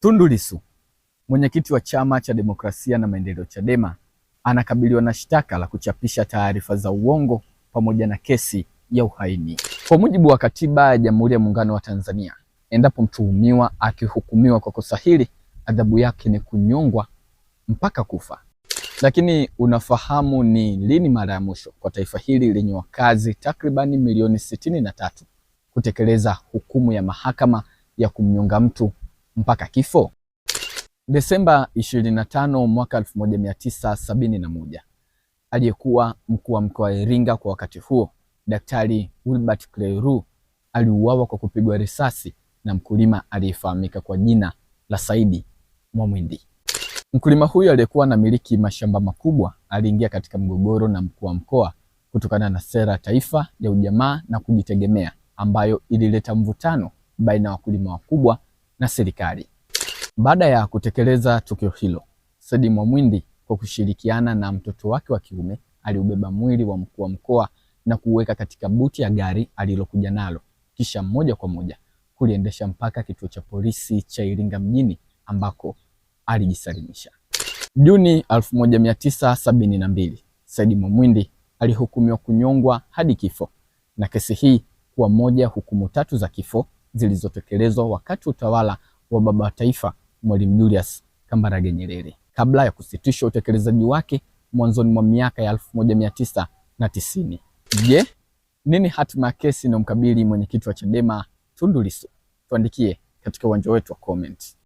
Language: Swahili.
Tundu Lissu, mwenyekiti wa Chama cha Demokrasia na Maendeleo Chadema, anakabiliwa na shtaka la kuchapisha taarifa za uongo pamoja na kesi ya uhaini. Kwa mujibu wa Katiba ya Jamhuri ya Muungano wa Tanzania, endapo mtuhumiwa akihukumiwa kwa kosa hili, adhabu yake ni kunyongwa mpaka kufa. Lakini unafahamu ni lini mara ya mwisho kwa taifa hili lenye wakazi takribani milioni sitini na tatu kutekeleza hukumu ya mahakama ya kumnyonga mtu mpaka kifo? Desemba 25 mwaka 1971, aliyekuwa mkuu wa mkoa wa Iringa kwa wakati huo Daktari Wilbert Kleiru aliuawa kwa kupigwa risasi na mkulima aliyefahamika kwa jina la Saidi Mwamwindi. Mkulima huyo aliyekuwa na miliki mashamba makubwa aliingia katika mgogoro na mkuu wa mkoa kutokana na sera ya taifa ya ujamaa na kujitegemea ambayo ilileta mvutano baina ya wakulima wakubwa na serikali. Baada ya kutekeleza tukio hilo, Saidi Mwamwindi kwa kushirikiana na mtoto wake wa kiume aliubeba mwili wa mkuu wa mkoa na kuuweka katika buti ya gari alilokuja nalo, kisha moja kwa moja kuliendesha mpaka kituo cha polisi cha Iringa mjini ambako alijisalimisha. Juni 1972 Saidi Mwamwindi alihukumiwa kunyongwa hadi kifo na kesi hii kuwa moja hukumu tatu za kifo zilizotekelezwa wakati utawala wa baba wa taifa Mwalimu Julius Kambarage Nyerere kabla ya kusitisha utekelezaji wake mwanzoni mwa miaka ya elfu moja mia tisa na tisini. Je, nini hatima ya kesi inayomkabili mwenyekiti wa Chadema Tundu Lissu? Tuandikie katika uwanja wetu wa comment.